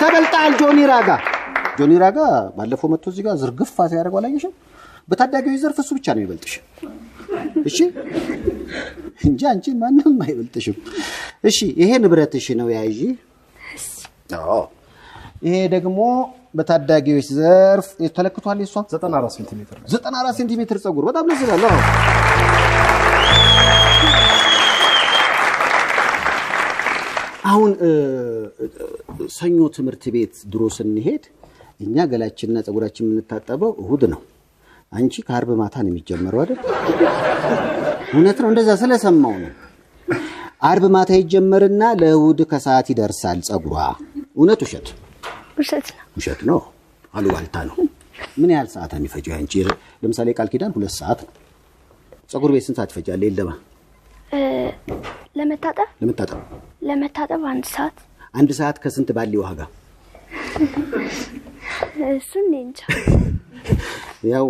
ተበልተሃል፣ ተበልጣል። ጆኒ ራጋ። ጆኒ ራጋ ባለፈው መጥቶ እዚህ ጋር ዝርግፋ ፋ አላየሽም? በታዳጊዎች ዘርፍ እሱ ብቻ ነው የሚበልጥሽ። እሺ እንጂ አንቺ ማንም አይበልጥሽም። እሺ ይሄ ንብረትሽ ነው ያዥ። ይሄ ደግሞ በታዳጊዎች ዘርፍ ተለክቷል። የሷ 94 ሴንቲሜትር 94 ሴንቲሜትር ፀጉር በጣም ለዝላለ አሁን ሰኞ ትምህርት ቤት ድሮ ስንሄድ እኛ ገላችንና ፀጉራችን የምንታጠበው እሁድ ነው። አንቺ ከአርብ ማታ ነው የሚጀመረው አይደል? እውነት ነው። እንደዛ ስለሰማው ነው። አርብ ማታ ይጀመርና ለእሁድ ከሰዓት ይደርሳል ፀጉሯ። እውነት ውሸት? ውሸት ነው። አሉባልታ ነው። ምን ያህል ሰዓት የሚፈጀው አንቺ? ለምሳሌ ቃል ኪዳን ሁለት ሰዓት ነው። ፀጉር ቤት ስንት ሰዓት ይፈጃል? ለመታጠብ ለመታጠብ ለመታጠብ አንድ ሰዓት አንድ ሰዓት ከስንት ባሌ ዋጋ? እሱን እንጃ። ያው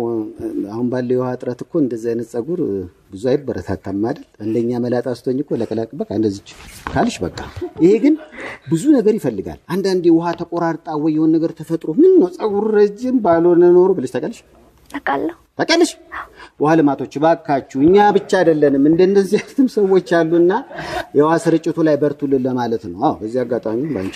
አሁን ባለው የውሃ እጥረት እኮ እንደዚህ አይነት ፀጉር ብዙ አይበረታታም አይደል? እንደኛ መላጣ ስቶኝ እኮ ለቀላቅ በቃ እንደዚች ካልሽ በቃ። ይሄ ግን ብዙ ነገር ይፈልጋል። አንዳንዴ ውሃ ተቆራርጣ ወይ የሆነ ነገር ተፈጥሮ ምን ነው ፀጉር ረጅም ባልሆነ ኖሮ ብለሽ ታውቃለሽ? ታውቃለሁ። ታውቂያለሽ፣ ውሃ ልማቶች ባካችሁ፣ እኛ ብቻ አይደለንም እንደነዚህ አይነትም ሰዎች አሉና የውሃ ስርጭቱ ላይ በርቱልን ለማለት ነው። አዎ፣ በዚህ አጋጣሚ ባንቺ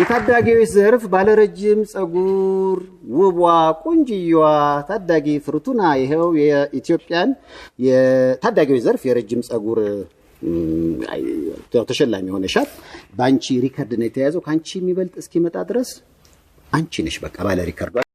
የታዳጊዎች ዘርፍ ባለረጅም ጸጉር ውቧ ቆንጅየዋ ታዳጊ ፍርቱና ይኸው የኢትዮጵያን የታዳጊዎች ዘርፍ የረጅም ጸጉር ተሸላሚ የሆነሻል። በአንቺ ሪከርድ ነው የተያዘው። ከአንቺ የሚበልጥ እስኪመጣ ድረስ አንቺ ነሽ በቃ ባለ ሪከርዷ